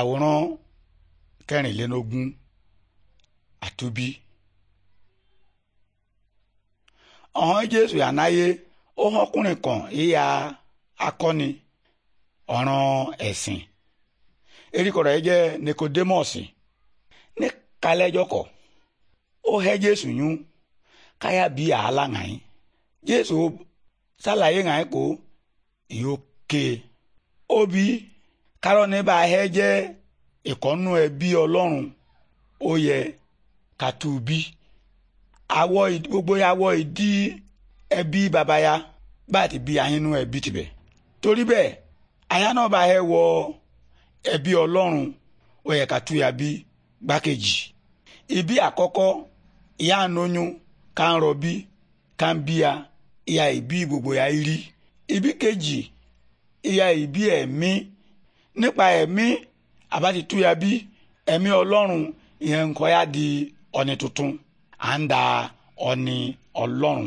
àwòrán kẹrìnlélógún àtúbí ọ̀hán jésù ànáyé ó hàn kan ìyá akọni ọ̀ràn ẹ̀sìn erékọ rẹ̀ jẹ́ nikodemọ́ọ̀sì ní kalẹ́jọkọ̀ ó hẹ́ jésù yún káyà bí àhálà ŋàn jésù sálàyé ŋàn kó ìyókè ó Karoni ní bá ahẹ́ jẹ́ ìkọ́nú ẹbí ọlọ́run ó yẹ kàtúbí awọ gbogbo awọ ìdí ẹbí babaya bá ti bí ahínú ẹbí tibẹ̀ torí bẹ́ẹ̀ aya náà bá ahẹ́ wọ ẹbí ọlọ́run ó yẹ kàtúyà bí gbákejì ibi àkọ́kọ́ ìyá ànóyún ká ń rọbí ká ń ìyá ìbí gbogbo ya rí ibi kejì ìyá ìbí ẹ̀mí. E nípa ẹ̀mí àbá ti túya bí ẹ̀mí ọlọ́run ìyẹn nǹkan yá di ọ̀nì tuntun à ń da ọ̀nì ọlọ́run.